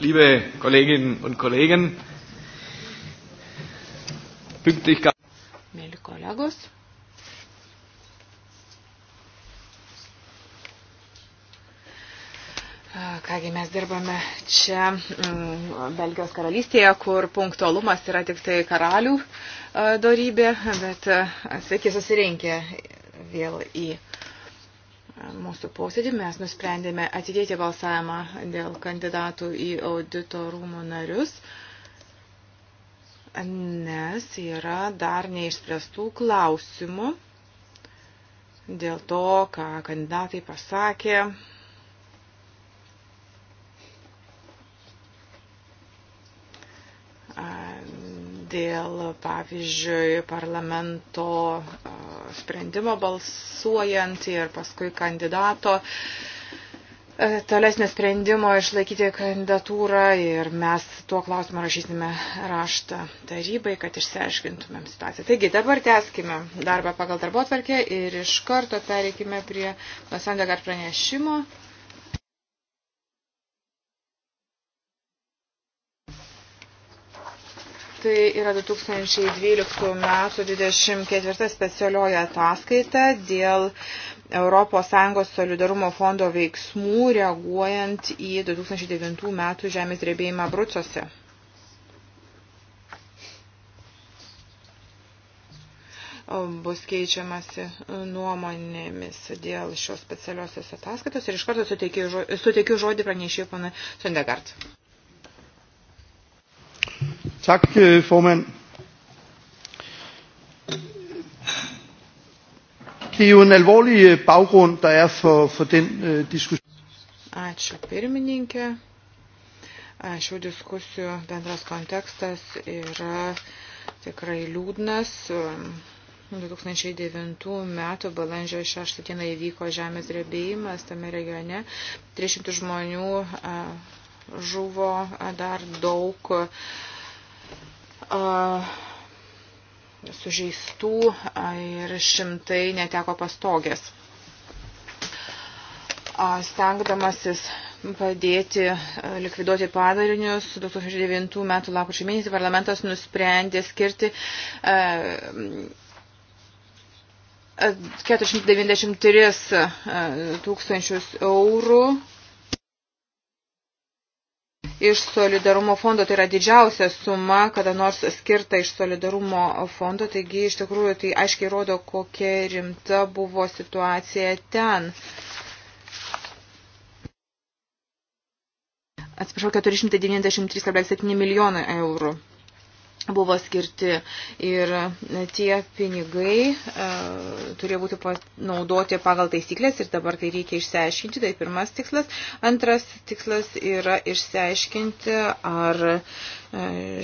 liebe Kolleginnen und Kollegen, Pünktlichkeit. Mėly kolegos. Kągi mes dirbame čia mm, Belgijos karalystėje, kur punktualumas yra tik tai karalių dorybė, bet sveiki susirinkę vėl į mūsų posėdį mes nusprendėme atidėti balsavimą dėl kandidatų į audito rūmų narius, nes yra dar neišspręstų klausimų dėl to, ką kandidatai pasakė. Dėl, pavyzdžiui, parlamento sprendimo balsuojant ir paskui kandidato e, tolesnio sprendimo išlaikyti kandidatūrą ir mes tuo klausimu rašysime raštą tarybai, kad išsiaiškintumėm situaciją. Taigi dabar tęskime darbą pagal darbo tvarkę ir iš karto pereikime prie Lasandegar pranešimo. Tai yra 2012 metų 24 specialioji ataskaita dėl ES solidarumo fondo veiksmų reaguojant į 2009 metų žemės drebėjimą Brucose. bus keičiamasi nuomonėmis dėl šios specialiosios ataskaitos ir iš karto suteikiu žodį pranešėjų pana Sundegard. Tak, øh, formand. Det er jo en alvorlig øh, baggrund, der er for, for den øh, diskussion. Ačiū pirmininkė. Šių diskusijų bendras kontekstas yra tikrai liūdnas. 2009 um, metų balandžio 6 dieną įvyko žemės drebėjimas tame regione. 300 žmonių žuvo, dar daug sužeistų ir šimtai neteko pastogės. Stengdamasis padėti likviduoti padarinius. 2009 m. lapkričio mėnesį parlamentas nusprendė skirti 493 tūkstančius eurų iš solidarumo fondo. Tai yra didžiausia suma, kada nors skirta iš solidarumo fondo. Taigi, iš tikrųjų, tai aiškiai rodo, kokia rimta buvo situacija ten. Atsiprašau, 493,7 milijonai eurų buvo skirti ir tie pinigai e, turėjo būti panaudoti pagal taisyklės ir dabar tai reikia išsiaiškinti, tai pirmas tikslas. Antras tikslas yra išsiaiškinti, ar e,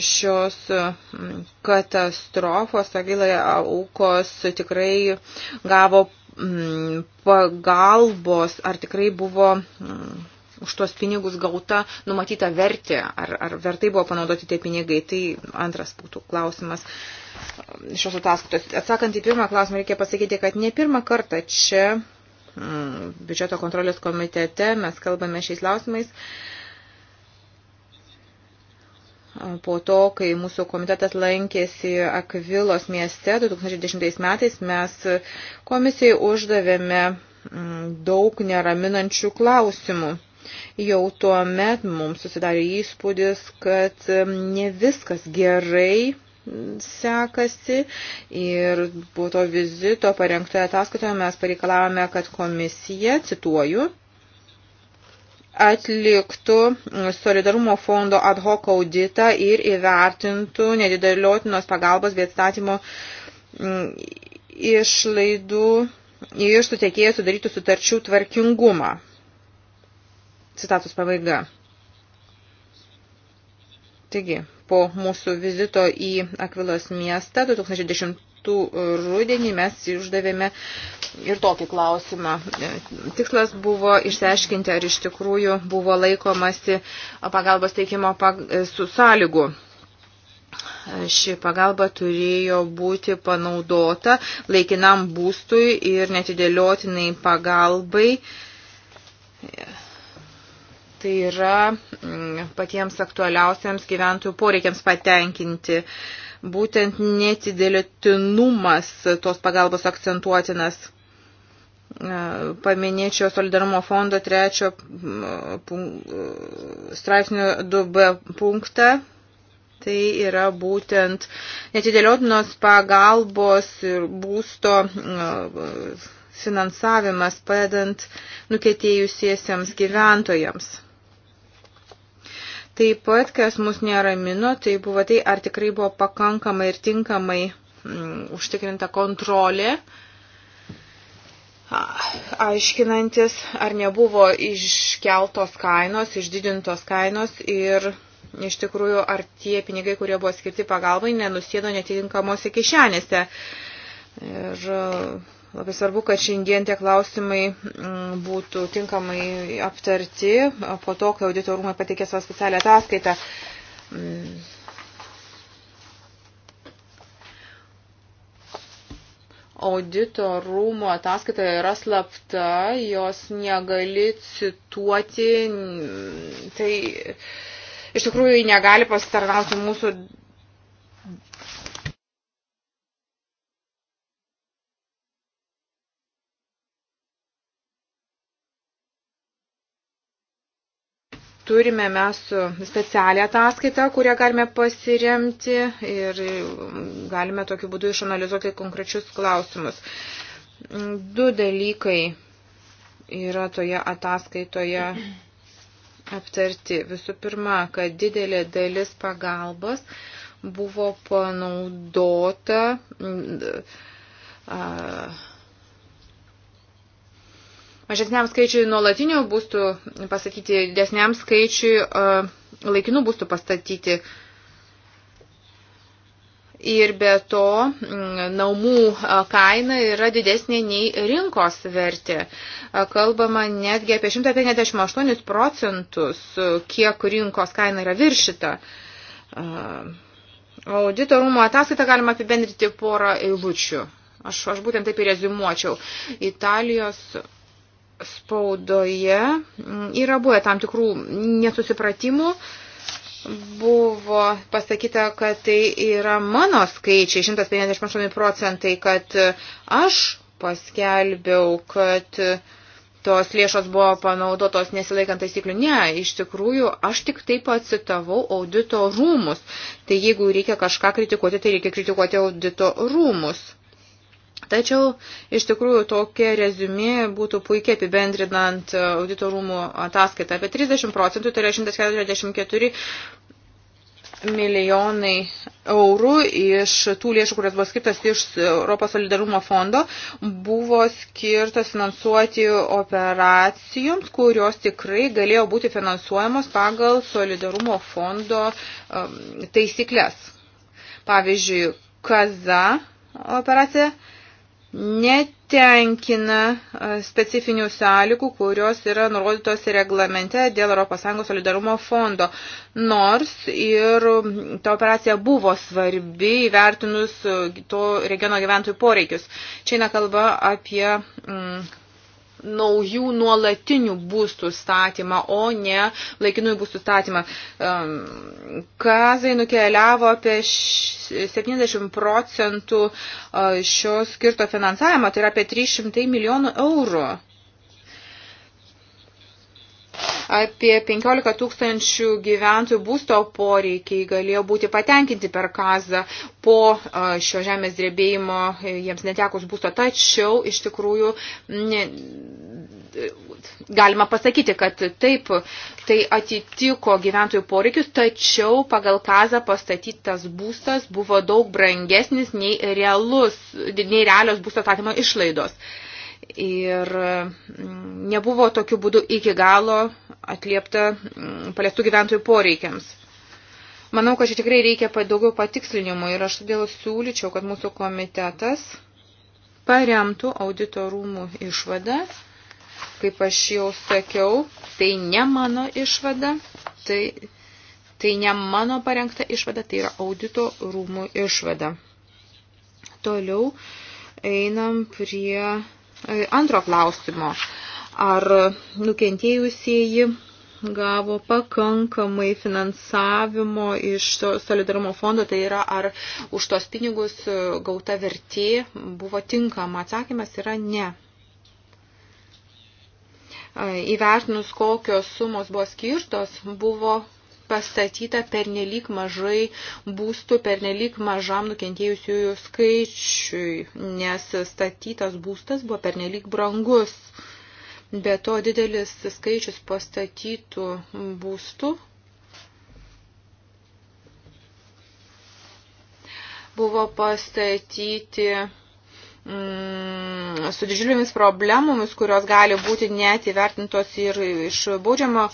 šios katastrofos aviloje aukos tikrai gavo pagalbos, ar tikrai buvo. Mm, už tuos pinigus gauta numatyta vertė, ar, ar vertai buvo panaudoti tie pinigai. Tai antras būtų klausimas šios ataskaitos. Atsakant į pirmą klausimą, reikia pasakyti, kad ne pirmą kartą čia mm, biudžeto kontrolės komitete mes kalbame šiais klausimais. Po to, kai mūsų komitetas lankėsi Akvilos mieste 2010 metais, mes komisijai uždavėme mm, daug neraminančių klausimų. Jau tuo met mums susidarė įspūdis, kad ne viskas gerai sekasi ir po to vizito parengtoje ataskaitoje mes pareikalavome, kad komisija, cituoju, atliktų solidarumo fondo ad hoc auditą ir įvertintų nedideliotinos pagalbos bei atstatymo išlaidų iš sutekėjų sudarytų sutarčių tvarkingumą. Citatus pabaiga. Taigi, po mūsų vizito į Akvilos miestą 2010 rudenį mes uždavėme ir tokį klausimą. Tikslas buvo išsiaiškinti, ar iš tikrųjų buvo laikomasi pagalbos teikimo pag su sąlygu ši pagalba turėjo būti panaudota laikinam būstui ir netidėliotinai pagalbai. Yes tai yra mm, patiems aktualiausiams gyventojų poreikiams patenkinti. Būtent netidėlėtinumas tos pagalbos akcentuotinas. Paminėčiau solidarumo fondo trečio mm, straipsnio 2b punktą, tai yra būtent netidėliotinos pagalbos ir būsto mm, finansavimas padedant nukėtėjusiesiems gyventojams. Taip pat, kas mus neramino, tai buvo tai, ar tikrai buvo pakankamai ir tinkamai mm, užtikrinta kontrolė, aiškinantis, ar nebuvo iškeltos kainos, išdidintos kainos ir iš tikrųjų, ar tie pinigai, kurie buvo skirti pagalbai, nenusėdo netinkamose kišenėse. Ir Labai svarbu, kad šiandien tie klausimai mm, būtų tinkamai aptarti po to, kai auditorumai pateikė savo specialią ataskaitą. Mm, Audito rūmo ataskaita yra slapta, jos negali cituoti, tai iš tikrųjų negali pasitarnauti mūsų turime mes specialią ataskaitą, kurią galime pasiremti ir galime tokiu būdu išanalizuoti konkrečius klausimus. Du dalykai yra toje ataskaitoje aptarti. Visų pirma, kad didelė dalis pagalbos buvo panaudota. Uh, mažesniam skaičiui nuolatinių būstų pasakyti, desniam skaičiui e, laikinų būstų pastatyti. Ir be to namų e, kaina yra didesnė nei rinkos vertė. E, kalbama netgi apie 158 procentus, kiek rinkos kaina yra viršita. Audito rūmo ataskaitą galima apibendrinti porą eilučių. Aš, aš būtent taip ir rezumuočiau. Italijos spaudoje mm, yra buvę tam tikrų nesusipratimų. Buvo pasakyta, kad tai yra mano skaičiai, 158 procentai, kad aš paskelbiau, kad tos lėšos buvo panaudotos nesilaikant taisyklių. Ne, iš tikrųjų, aš tik taip atsitavau audito rūmus. Tai jeigu reikia kažką kritikuoti, tai reikia kritikuoti audito rūmus. Tačiau iš tikrųjų tokia rezumė būtų puikiai apibendrinant auditorumų ataskaitą. Apie 30 procentų, tai yra 144 milijonai eurų iš tų lėšų, kurias buvo skirtas iš Europos solidarumo fondo, buvo skirtas finansuoti operacijoms, kurios tikrai galėjo būti finansuojamos pagal solidarumo fondo um, taisyklės. Pavyzdžiui, Kaza operacija netenkina e, specifinių sąlygų, kurios yra nurodytos reglamente dėl ES solidarumo fondo. Nors ir ta operacija buvo svarbi įvertinus to regiono gyventojų poreikius. Čia eina kalba apie mm, naujų nuolatinių būstų statymą, o ne laikinųjų būstų statymą. Kazai nukeliavo apie 70 procentų šio skirto finansavimo, tai yra apie 300 milijonų eurų apie 15 tūkstančių gyventojų būsto poreikiai galėjo būti patenkinti per kazą po šio žemės drebėjimo e, jiems netekus būsto. Tačiau iš tikrųjų ne, galima pasakyti, kad taip, tai atitiko gyventojų poreikius, tačiau pagal kazą pastatytas būstas buvo daug brangesnis nei, realus, nei realios būsto statymo išlaidos. Ir mm, nebuvo tokiu būdu iki galo atliepta mm, paliestų gyventojų poreikiams. Manau, kad čia tikrai reikia daugiau patikslinimų ir aš todėl siūlyčiau, kad mūsų komitetas paremtų auditorumų išvadą. Kaip aš jau sakiau, tai ne mano išvada, tai, tai ne mano parengta išvada, tai yra audito rūmų išvada. Toliau einam prie e, antro klausimo ar nukentėjusieji gavo pakankamai finansavimo iš solidarumo fondo, tai yra ar už tos pinigus gauta vertė buvo tinkama. Atsakymas yra ne. Įvertinus, kokios sumos buvo skirtos, buvo pastatyta pernelyg mažai būstų, pernelyg mažam nukentėjusiųjų skaičiui, nes statytas būstas buvo pernelyg brangus. Be to didelis skaičius pastatytų būstų buvo pastatyti mm, su didžiulėmis problemomis, kurios gali būti net įvertintos ir iš baudžiamo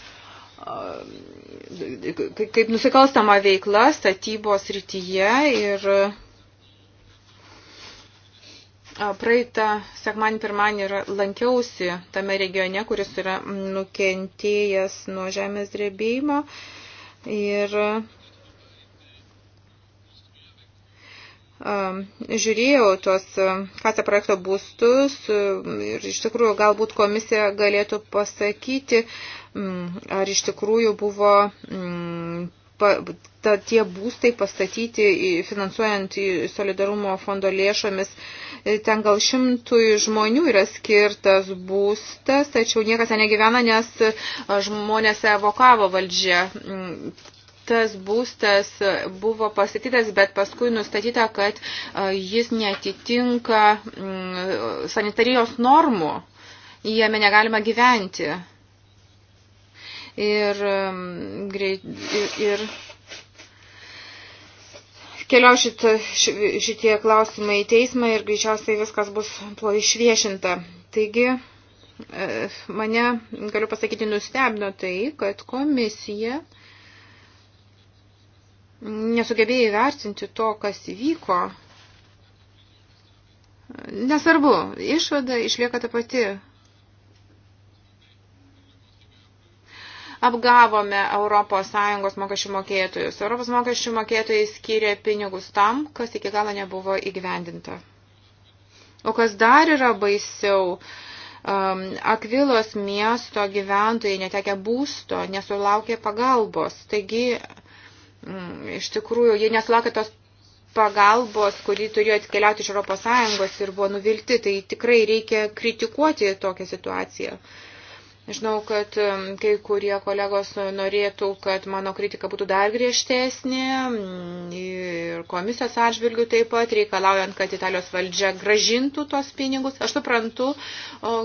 kaip nusikalstama veikla statybos rytyje ir praeitą sekmanį pirmanį lankiausi tame regione, kuris yra nukentėjęs nuo žemės drebėjimo. Ir žiūrėjau tuos FASA projekto būstus ir iš tikrųjų galbūt komisija galėtų pasakyti, ar iš tikrųjų buvo ta, tie būstai pastatyti finansuojant solidarumo fondo lėšomis. E, ten gal šimtui žmonių yra skirtas būstas, tačiau niekas ten negyvena, nes e, žmonės evokavo valdžią mm, tas būstas buvo pastatytas, bet paskui nustatyta, kad e, jis netitinka mm, sanitarijos normų, jame negalima gyventi. Ir, mm, ir, ir keliau šit, šitie klausimai į teismą ir greičiausiai viskas bus tuo išviešinta. Taigi, e, mane, galiu pasakyti, nustebino tai, kad komisija nesugebėjo įvertinti to, kas įvyko. Nesvarbu, išvada išlieka ta pati apgavome ES mokesčių mokėtojus. ES mokesčių mokėtojai skyrė pinigus tam, kas iki galo nebuvo įgyvendinta. O kas dar yra baisiau, um, Akvilos miesto gyventojai netekia būsto, nesulaukė pagalbos. Taigi, mm, iš tikrųjų, jie nesulaukė tos pagalbos, kuri turėjo atkeliauti iš ES ir buvo nuvilti, tai tikrai reikia kritikuoti tokią situaciją. Uh, Žinau, kad kai kurie kolegos norėtų, kad mano kritika būtų dar griežtesnė mm, ir komisijos atžvilgių taip pat, reikalaujant, kad Italijos valdžia gražintų tos pinigus. Aš suprantu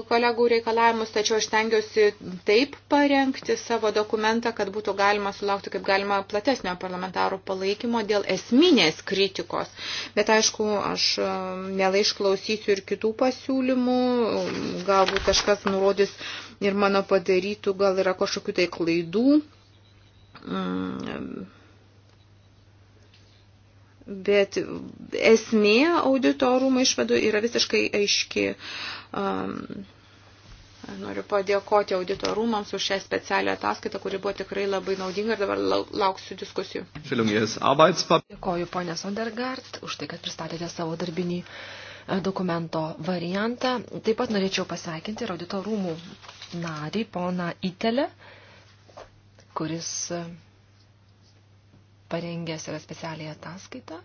kolegų reikalavimus, tačiau aš tengiuosi taip parengti savo dokumentą, kad būtų galima sulaukti kaip galima platesnio parlamentarų palaikymo dėl esminės kritikos. Bet aišku, aš mielai išklausysiu ir kitų pasiūlymų, galbūt kažkas nurodys ir mano padarytų gal yra kažkokių tai klaidų. Mm. Bet esmė auditorumo išvadų yra visiškai aiški. Um, Noriu padėkoti auditorumams už šią specialią ataskaitą, kuri buvo tikrai labai naudinga ir dabar lauksiu diskusijų. Dėkoju, ponė Sondergaard, už tai, kad pristatėte savo darbinį e, dokumento variantą. Taip pat norėčiau pasveikinti ir auditorumų narį, poną Itelę, kuris parengęs yra specialiai ataskaitą.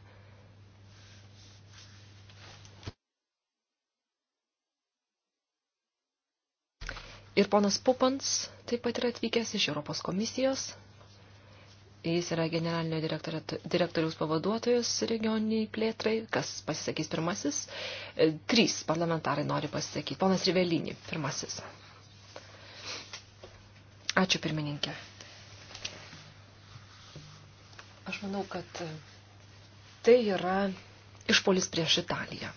Ir ponas Pupans taip pat yra atvykęs iš Europos komisijos. Jis yra generalinio direktoriaus pavaduotojas regioniniai plėtrai. Kas pasisakys pirmasis? E, trys parlamentarai nori pasisakyti. Ponas Rivelinį pirmasis. Ačiū pirmininkė. Aš manau, kad tai yra išpolis prieš Italiją.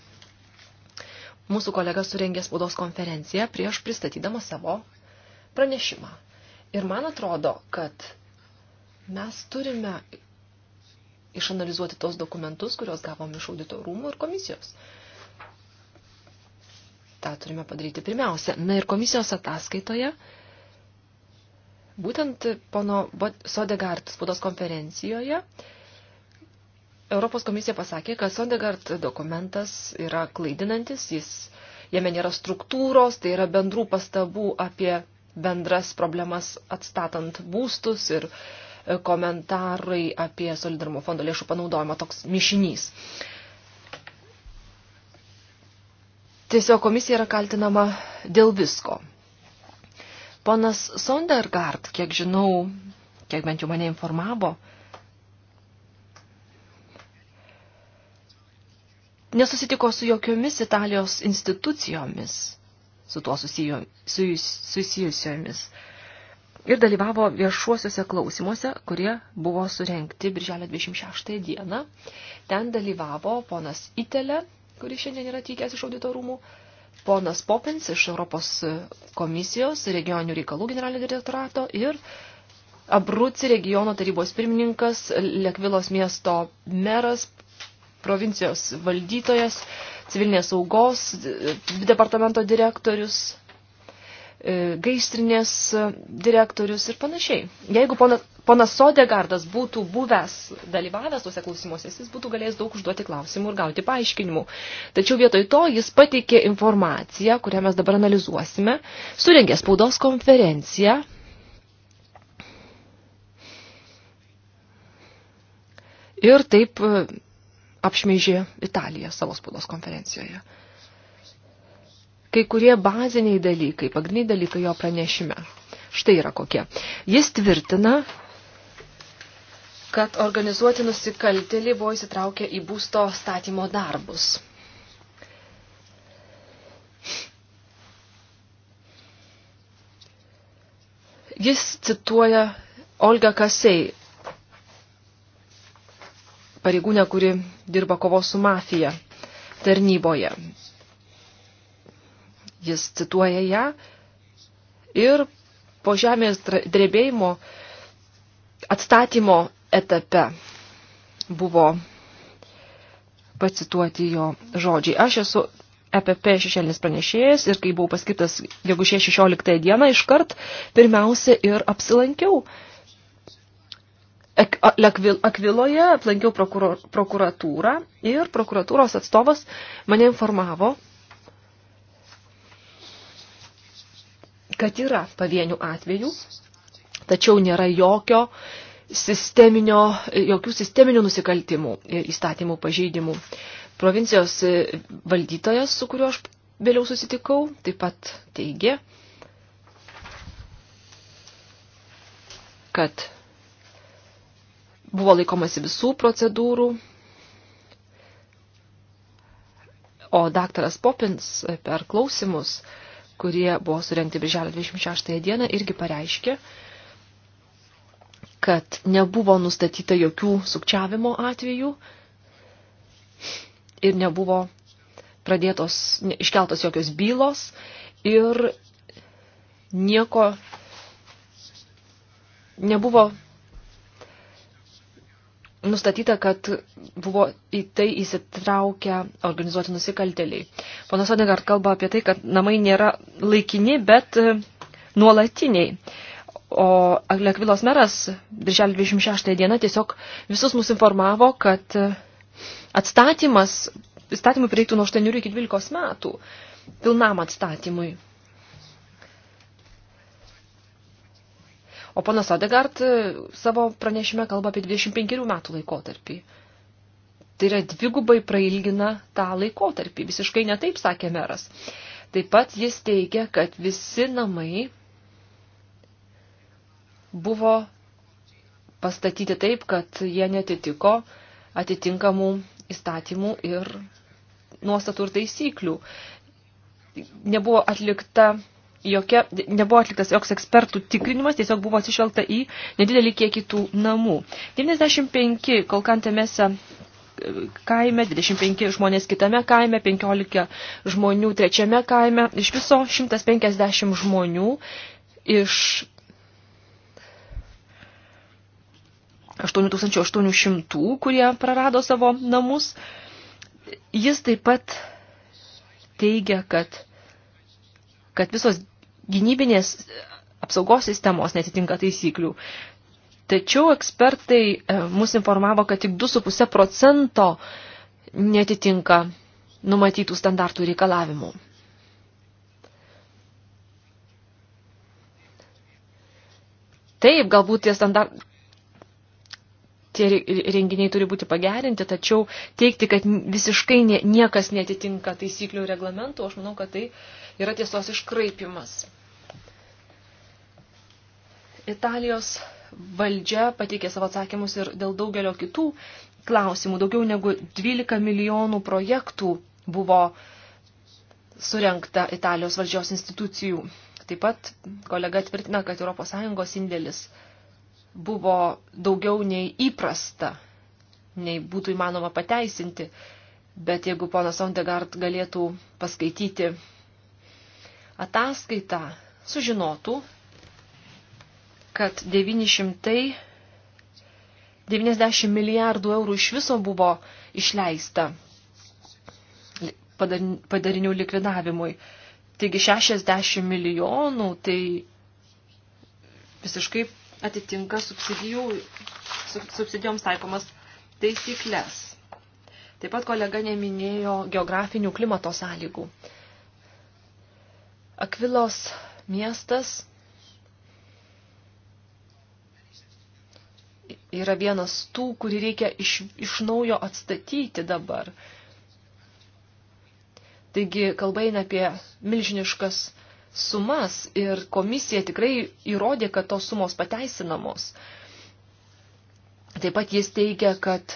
Mūsų kolega surengė spaudos konferenciją prieš pristatydama savo pranešimą. Ir man atrodo, kad mes turime išanalizuoti tos dokumentus, kuriuos gavom iš audito rūmų ir komisijos. Ta turime padaryti pirmiausia. Na ir komisijos ataskaitoje Būtent pono Sodegard spaudos konferencijoje Europos komisija pasakė, kad Sondegard dokumentas yra klaidinantis, jis, jame nėra struktūros, tai yra bendrų pastabų apie bendras problemas atstatant būstus ir e, komentarai apie solidarumo fondo lėšų panaudojimą toks mišinys. Tiesiog komisija yra kaltinama dėl visko. Ponas Sondergaard, kiek žinau, kiek bent jau mane informavo, nesusitiko su jokiomis Italijos institucijomis, su tuo susijo, susijusiomis. Ir dalyvavo viešuosiuose klausimuose, kurie buvo surenkti birželio 26 dieną. Ten dalyvavo ponas Itelė, kuris šiandien yra atvykęs iš auditorumų rūmų ponas Popins iš Europos komisijos regioninių reikalų generalinio direktorato ir Abruci regiono tarybos pirmininkas, Lekvilos miesto meras, provincijos valdytojas, civilinės saugos departamento direktorius E, gaistrinės e, direktorius ir panašiai. Jeigu ponas, ponas Sodegardas būtų buvęs dalyvavęs tuose klausimuose, jis būtų galėjęs daug užduoti klausimų ir gauti paaiškinimų. Tačiau vietoj to jis pateikė informaciją, kurią mes dabar analizuosime, surengė spaudos konferenciją. Ir taip e, apšmeižė Italiją savo spaudos konferencijoje kai kurie baziniai dalykai, pagrindiniai dalykai jo pranešime. Štai yra kokie. Jis tvirtina, kad organizuoti nusikaltėlį buvo įsitraukę į būsto statymo darbus. Jis cituoja Olga Kasei, pareigūnę, kuri dirba kovos su mafija tarnyboje jis cituoja ją, ir po žemės drebėjimo atstatymo etape buvo pacituoti jo žodžiai. Aš esu EPP šešėlinis pranešėjas ir kai buvau paskirtas gegužė 16 dieną, iškart pirmiausia ir apsilankiau Akviloje, aplankiau prokuratūrą ir prokuratūros atstovas mane informavo, kad yra pavienių atvejų, tačiau nėra jokio sisteminio, jokių sisteminių nusikaltimų ir įstatymų pažeidimų. Provincijos valdytojas, su kuriuo aš vėliau susitikau, taip pat teigė, kad buvo laikomasi visų procedūrų, o daktaras Popins per klausimus uh, kurie buvo surengti birželio 26 dieną, irgi pareiškė, kad nebuvo nustatyta jokių sukčiavimo atvejų ir nebuvo pradėtos, iškeltos jokios bylos ir nieko nebuvo nustatyta, kad buvo į tai įsitraukę organizuoti nusikaltėliai. Ponas Odegard kalba apie tai, kad namai nėra laikini, bet e, nuolatiniai. O Lekvilos meras birželio 26 dieną tiesiog visus mus informavo, kad e, atstatymas, įstatymui prireiktų nuo 8 iki 12 metų pilnam atstatymui. O panas Odegard e, savo pranešime kalba apie 25 metų laikotarpį. Tai yra dvigubai prailgina tą laikotarpį. Visiškai netaip sakė meras. Taip pat jis teigia, kad visi namai buvo pastatyti taip, kad jie netitiko atitinkamų įstatymų ir nuostatų ir taisyklių. Nebuvo atlikta jokia, nebuvo atliktas joks ekspertų tikrinimas, tiesiog buvo atsižvelgta į nedidelį kiekį tų namų. 95 Kolkantemėse kaime, 25 žmonės kitame kaime, 15 žmonių trečiame kaime, iš viso 150 žmonių iš 8800, kurie prarado savo namus. Jis taip pat teigia, kad, kad visos gynybinės apsaugos sistemos netitinka taisyklių. Tačiau ekspertai e, mus informavo, kad tik 2,5 procento netitinka numatytų standartų reikalavimų. Taip, galbūt tie standartai tie renginiai turi būti pagerinti, tačiau teikti, kad visiškai niekas netitinka taisyklių ir reglamentų, aš manau, kad tai yra tiesos iškraipimas. Italijos valdžia pateikė savo atsakymus ir dėl daugelio kitų klausimų. Daugiau negu 12 milijonų projektų buvo surenkta Italijos valdžios institucijų. Taip pat kolega tvirtina, kad ES indėlis buvo daugiau nei įprasta, nei būtų įmanoma pateisinti. Bet jeigu ponas Ondegard galėtų paskaityti ataskaitą, sužinotų, kad 990 milijardų eurų iš viso buvo išleista padarinių likvidavimui. Taigi 60 milijonų tai visiškai atitinka subsidijų, subsidijoms taikomas taisyklės. Taip pat kolega neminėjo geografinių klimato sąlygų. Akvilos miestas yra vienas tų, kurį reikia iš, iš naujo atstatyti dabar. Taigi kalba eina apie milžiniškas sumas ir komisija tikrai įrodė, kad tos sumos pateisinamos. Taip pat jis teigia, kad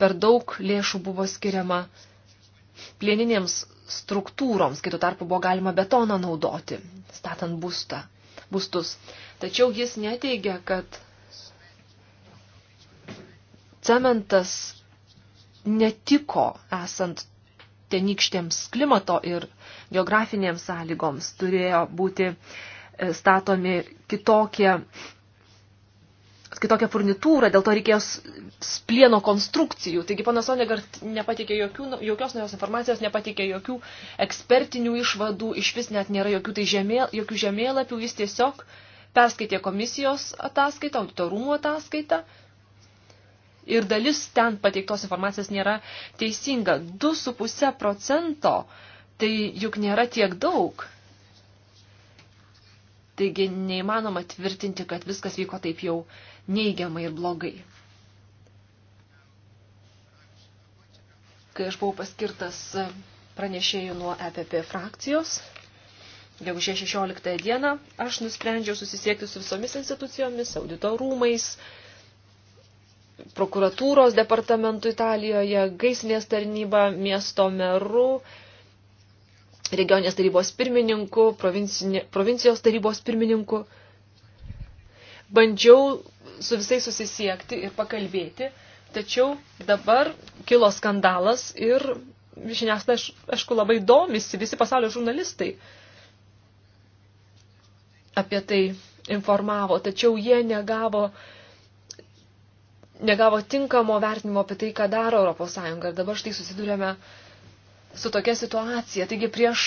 per daug lėšų buvo skiriama plieninėms struktūroms, kitų tarpu buvo galima betoną naudoti, statant būstą, būstus. Tačiau jis neteigia, kad cementas netiko esant tenykštėms klimato ir geografinėms sąlygoms turėjo būti e, statomi kitokie, kitokia furnitūra, dėl to reikėjo splieno konstrukcijų. Taigi panas Onegart nepatikė jokių, jokios naujos informacijos, nepatikė jokių ekspertinių išvadų, iš vis net nėra jokių, tai žemė, jokių žemėlapių, jis tiesiog perskaitė komisijos ataskaitą, auditorumų ataskaitą. ataskaitą ir dalis ten pateiktos informacijos nėra teisinga. 2,5 procento tai juk nėra tiek daug. Taigi neįmanoma tvirtinti, kad viskas vyko taip jau neigiamai ir blogai. Kai aš buvau paskirtas pranešėjų nuo EPP frakcijos, gegužė 16 dieną, aš nusprendžiau susisiekti su visomis institucijomis, audito rūmais, prokuratūros departamentu Italijoje, gaisrinės tarnyba, miesto meru, regionės tarybos pirmininku, provincijos tarybos pirmininku. Bandžiau su visais susisiekti ir pakalbėti, tačiau dabar kilo skandalas ir žiniasklaida, aš, aišku, labai domisi visi pasaulio žurnalistai apie tai informavo, tačiau jie negavo uh, negavo tinkamo vertinimo apie tai, ką daro ES. Ir dabar štai susidurėme su tokia situacija. Taigi prieš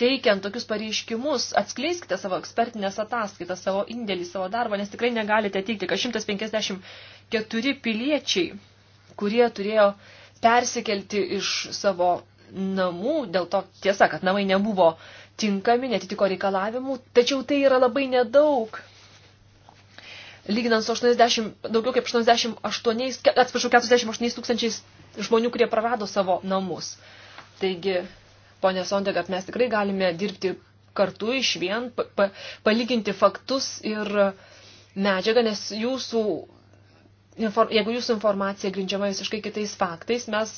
teikiant tokius pareiškimus, atskleiskite savo ekspertinės ataskaitas, savo indėlį, savo darbą, nes tikrai negalite teikti, kad 154 piliečiai, kurie turėjo persikelti iš savo namų, dėl to tiesa, kad namai nebuvo tinkami, netitiko reikalavimų, tačiau tai yra labai nedaug lyginant su 80, daugiau kaip 88, atsiprašau, 48 tūkstančiais žmonių, kurie prarado savo namus. Taigi, ponė Sondegat, mes tikrai galime dirbti kartu iš vien, pa, pa, palyginti faktus ir medžiagą, nes jūsų, jeigu jūsų informacija grindžiama visiškai kitais faktais, mes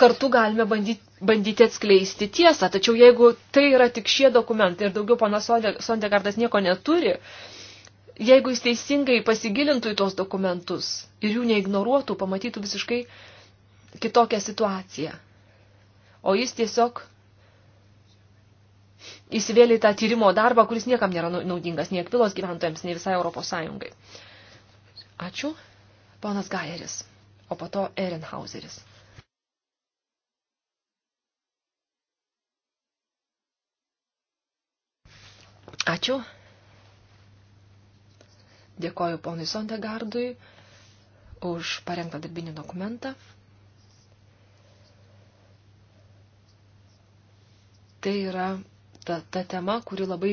kartu galime bandyti, bandyti atskleisti tiesą. Tačiau jeigu tai yra tik šie dokumentai ir daugiau ponas Sondegardas nieko neturi, uh, jeigu jis teisingai pasigilintų į tos dokumentus ir jų neignoruotų, pamatytų visiškai kitokią situaciją. O jis tiesiog įsivėlė į tą tyrimo darbą, kuris niekam nėra naudingas, nei akvilos gyventojams, nei visai Europos Sąjungai. Ačiū, ponas Gajeris, o po to Ehrenhauseris. Ačiū. Dėkoju ponui Sondegardui už parengtą darbinį dokumentą. Tai yra ta, ta tema, kuri labai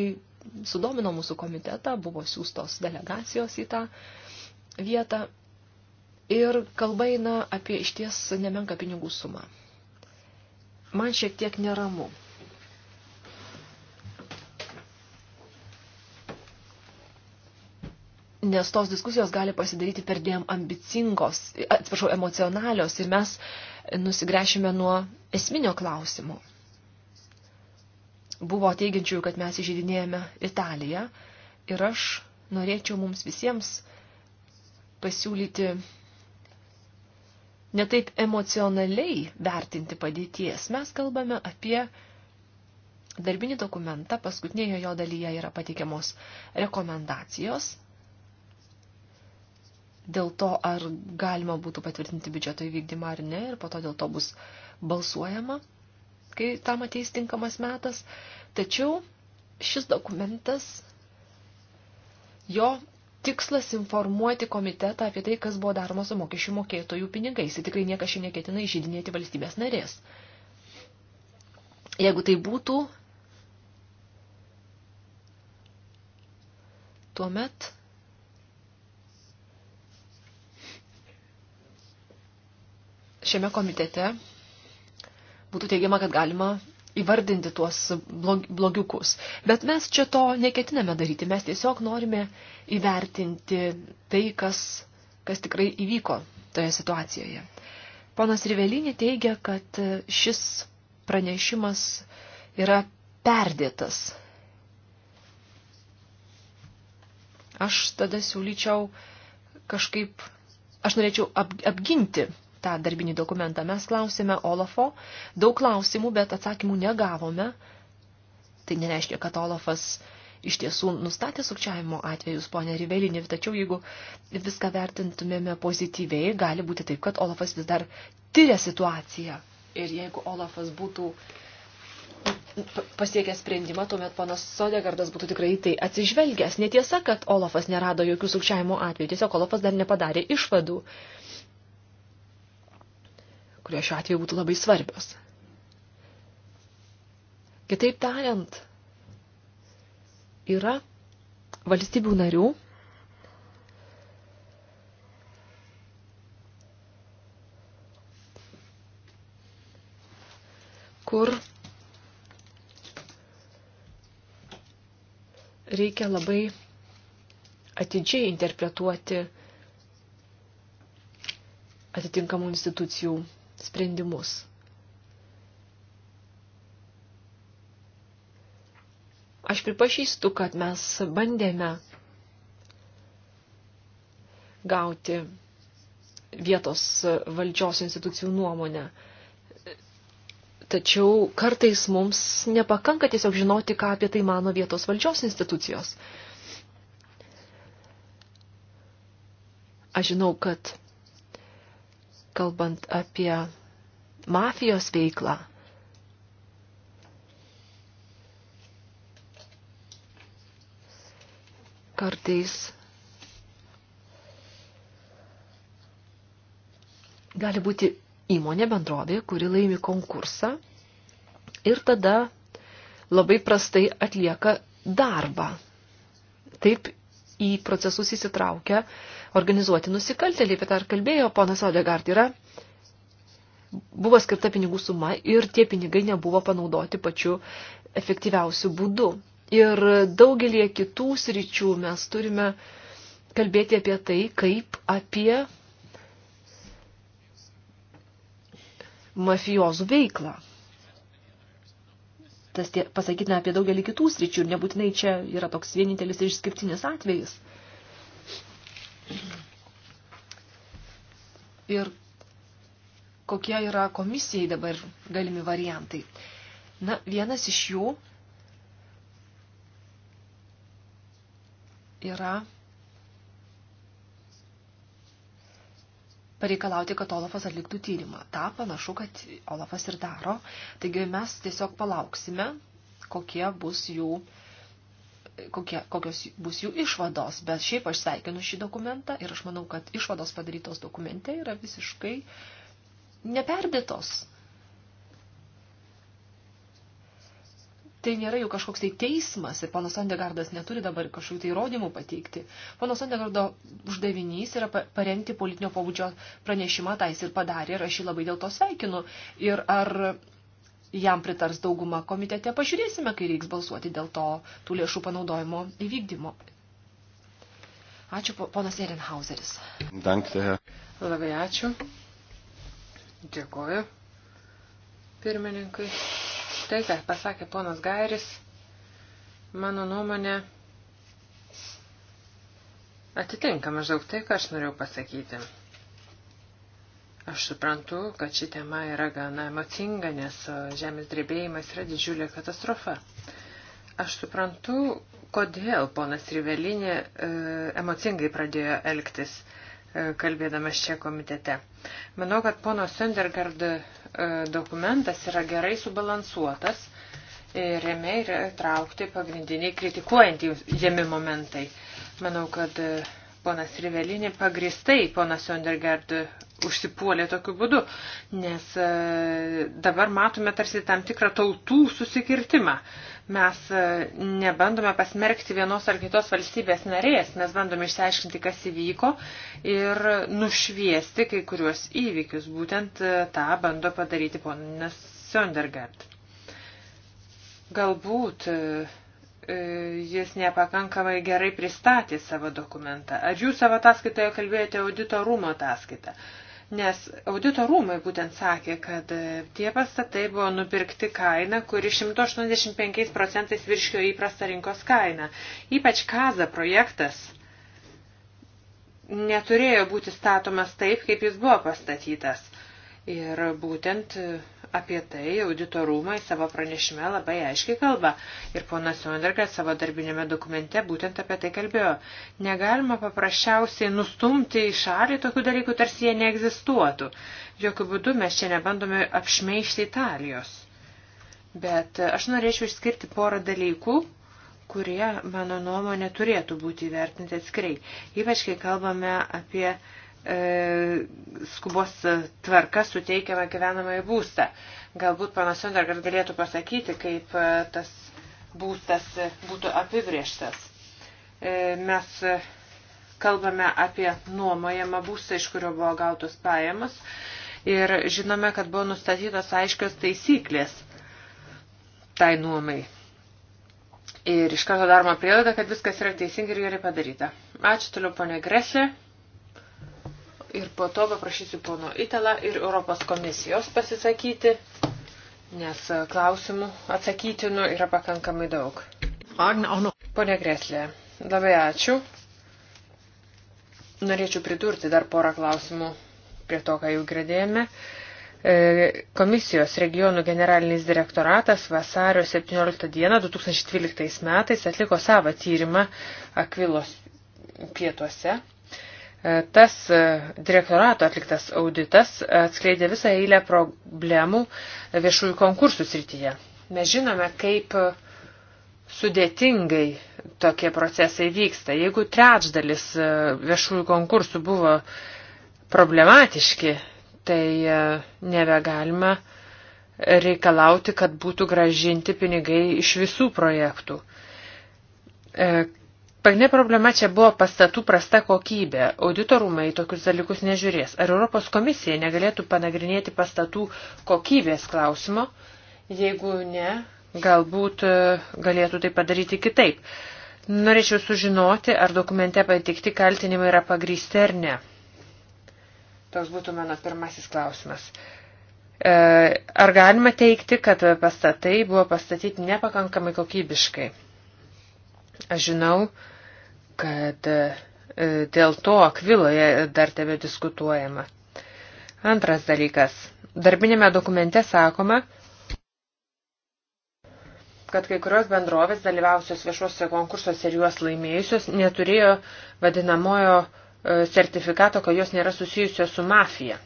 sudomino mūsų komitetą, buvo siūstos delegacijos į tą vietą. Ir kalba eina apie išties nemenką pinigų sumą. Man šiek tiek neramu nes tos diskusijos gali pasidaryti perdėm ambicingos, atsiprašau, emocionalios ir mes nusigręšime nuo esminio klausimo. Buvo teigiančių, kad mes įžeidinėjame Italiją ir aš norėčiau mums visiems pasiūlyti netaip emocionaliai vertinti padėties. Mes kalbame apie darbinį dokumentą, paskutinėje jo dalyje yra pateikiamos rekomendacijos dėl to, ar galima būtų patvirtinti biudžeto įvykdymą ar ne, ir po to dėl to bus balsuojama, kai tam ateis tinkamas metas. Tačiau šis dokumentas, jo tikslas informuoti komitetą apie tai, kas buvo daroma su mokesčių mokėtojų pinigais. Ir tikrai niekas šiandien ketina išžydinėti valstybės narės. Jeigu tai būtų, tuomet šiame komitete būtų teigiama, kad galima įvardinti tuos blogiukus. Bet mes čia to neketiname daryti, mes tiesiog norime įvertinti tai, kas, kas tikrai įvyko toje situacijoje. Ponas Rivelinė teigia, kad šis pranešimas yra perdėtas. Aš tada siūlyčiau kažkaip, aš norėčiau apginti tą darbinį dokumentą. Mes klausėme Olafo, daug klausimų, bet atsakymų negavome. Tai nereiškia, kad Olafas iš tiesų nustatė sukčiavimo atvejus, ponė Rivelinė, tačiau jeigu viską vertintumėme pozityviai, gali būti taip, kad Olafas vis dar tyria situaciją. Ir jeigu Olafas būtų pasiekę sprendimą, tuomet ponas Sodegardas būtų tikrai tai atsižvelgęs. Netiesa, kad Olafas nerado jokių sukčiavimo atvejų, tiesiog Olafas dar nepadarė išvadų kurie šiuo atveju būtų labai svarbios. Kitaip tariant, yra valstybių narių, kur reikia labai atidžiai interpretuoti atitinkamų institucijų sprendimus. Aš pripažįstu, kad mes bandėme gauti vietos valdžios institucijų nuomonę. Tačiau kartais mums nepakanka tiesiog žinoti, ką apie tai mano vietos valdžios institucijos. Aš žinau, kad kalbant apie mafijos veiklą. Kartais gali būti įmonė bendrovė, kuri laimi konkursą ir tada labai prastai atlieka darbą. Taip į procesus įsitraukia organizuoti nusikaltėliai, apie tą ir kalbėjo ponas Odegard, yra buvo skirta pinigų suma ir tie pinigai nebuvo panaudoti pačiu efektyviausiu būdu. Ir daugelie kitų sričių mes turime kalbėti apie tai, kaip apie mafijozų veiklą tas tie, pasakytina apie daugelį kitų sričių ir nebūtinai čia yra toks vienintelis ir išskirtinis atvejis. Ir kokie yra komisijai dabar galimi variantai. Na, vienas iš jų yra pareikalauti, kad Olafas atliktų tyrimą. Ta panašu, kad Olafas ir daro. Taigi mes tiesiog palauksime, kokie bus jų kokie, kokios bus jų išvados, bet šiaip aš sveikinu šį dokumentą ir aš manau, kad išvados padarytos dokumente yra visiškai neperdėtos. tai nėra jau kažkoks tai teismas ir ponas Sondegardas neturi dabar kažkokių tai įrodymų pateikti. Ponas Sondegardo uždavinys yra parengti politinio pobūdžio pranešimą, tai jis ir padarė ir aš jį labai dėl to sveikinu. Ir ar jam pritars dauguma komitete, pažiūrėsime, kai reiks balsuoti dėl to tų lėšų panaudojimo įvykdymo. Ačiū, ponas Ehrenhauseris. Dankte. Labai ačiū. Dėkuoju pirmininkai. Tai, ką pasakė ponas Gairis, mano nuomonė atitinka maždaug tai, ką aš norėjau pasakyti. Aš suprantu, kad ši tema yra gana emocinga, nes e, žemės drebėjimas yra didžiulė katastrofa. Aš suprantu, kodėl ponas Rivelinė e, emocingai pradėjo elgtis. E, E, kalbėdamas čia komitete. Manau, kad pono Söndergard e, dokumentas yra gerai subalansuotas ir jame yra traukti pagrindiniai kritikuojantieji momentai. Manau, kad e, ponas Rivelinė pagristai ponas Söndergard užsipuolė tokiu būdu, nes e, dabar matome tarsi tam tikrą tautų susikirtimą. Mes e, nebandome pasmerkti vienos ar kitos valstybės narės, mes bandome išsiaiškinti, kas įvyko ir nušviesti kai kuriuos įvykius. Būtent e, tą bando padaryti ponas Sondergaard. Galbūt jis nepakankamai gerai pristatė savo dokumentą. Ar jūs savo ataskaitoje kalbėjote audito rūmo ataskaitą? Nes audito rūmai būtent sakė, kad e, tie pastatai buvo nupirkti kaina, kuri 185 procentais virškio įprastą rinkos kainą. Ypač Kaza projektas neturėjo būti statomas taip, kaip jis buvo pastatytas. Ir būtent e, apie tai auditorumai savo pranešime labai aiškiai kalba. Ir ponas Sondergas savo darbinėme dokumente būtent apie tai kalbėjo. Negalima paprasčiausiai nustumti į šalį tokių dalykų, tarsi jie neegzistuotų. Jokių būdų mes čia nebandome apšmeišti Italijos. Bet aš norėčiau išskirti porą dalykų, kurie, mano nuomonė, turėtų būti įvertinti atskrai. Ypač, kai kalbame apie E, skubos tvarka suteikiamą gyvenamąjį būstą. Galbūt panas Sondergar galėtų pasakyti, kaip e, tas būstas būtų apibrieštas. E, mes kalbame apie nuomojamą būstą, iš kurio buvo gautos pajamos ir žinome, kad buvo nustatytos aiškios taisyklės tai nuomai. Ir iš karto daroma prielaida, kad viskas yra teisingai ir gerai padaryta. Ačiū toliau, ponė Greslė ir po to paprašysiu pono Italą ir Europos komisijos pasisakyti, nes e, klausimų atsakytinų yra pakankamai daug. Pone Greslė, labai ačiū. Norėčiau pridurti dar porą klausimų prie to, ką jau girdėjome. E, komisijos regionų generalinis direktoratas vasario 17 dieną 2012 metais atliko savo tyrimą Akvilos pietuose Tas e, direktorato atliktas auditas atskleidė visą eilę problemų viešųjų konkursų srityje. Mes žinome, kaip sudėtingai tokie procesai vyksta. Jeigu trečdalis e, viešųjų konkursų buvo problematiški, tai e, nebegalima reikalauti, kad būtų gražinti pinigai iš visų projektų. Pagrindinė problema čia buvo pastatų prasta kokybė. Auditorumai tokius dalykus nežiūrės. Ar Europos komisija negalėtų panagrinėti pastatų kokybės klausimo? Jeigu ne, galbūt e, galėtų tai padaryti kitaip. Norėčiau sužinoti, ar dokumente pateikti kaltinimai yra pagrysti ar ne. Toks būtų mano pirmasis klausimas. E, ar galima teikti, kad pastatai buvo pastatyti nepakankamai kokybiškai? Aš žinau, kad e, dėl to akviloje dar tebe diskutuojama. Antras dalykas. Darbinėme dokumente sakoma, kad kai kurios bendrovės dalyvausios viešuose konkursuose ir juos laimėjusios neturėjo vadinamojo sertifikato, e, kad jos nėra susijusios su mafija.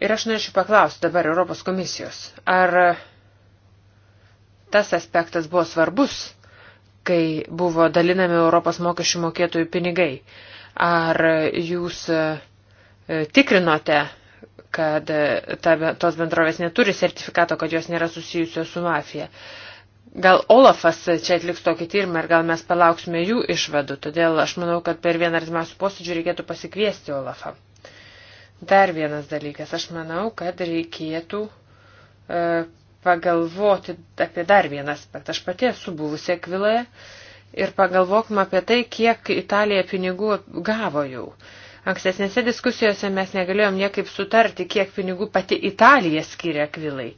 Ir aš norėčiau paklausti dabar Europos komisijos, ar tas aspektas buvo svarbus kai buvo dalinami Europos mokesčių mokėtojų pinigai. Ar jūs e, e, tikrinote, kad e, ta, tos bendrovės neturi sertifikato, kad jos nėra susijusios su mafija? Gal Olafas čia atliks tokį tyrimą ir gal mes palauksime jų išvadų, todėl aš manau, kad per vieną artimiausių posėdžių reikėtų pasikviesti Olafą. Dar vienas dalykas, aš manau, kad reikėtų e, pagalvoti apie dar vieną aspektą. Aš pati esu buvusi Akviloje ir pagalvokim apie tai, kiek Italija pinigų gavo jau. Ankstesnėse diskusijose mes negalėjom niekaip sutarti, kiek pinigų pati Italija skiria Akvilai.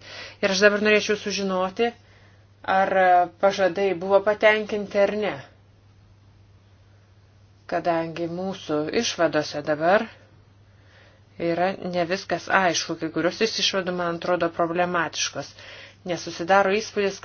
Ir aš dabar norėčiau sužinoti, ar pažadai buvo patenkinti ar ne. Kadangi mūsų išvadose dabar yra ne viskas aišku, kai kurios iš išvadų, man atrodo, problematiškos, nes susidaro įspūdis,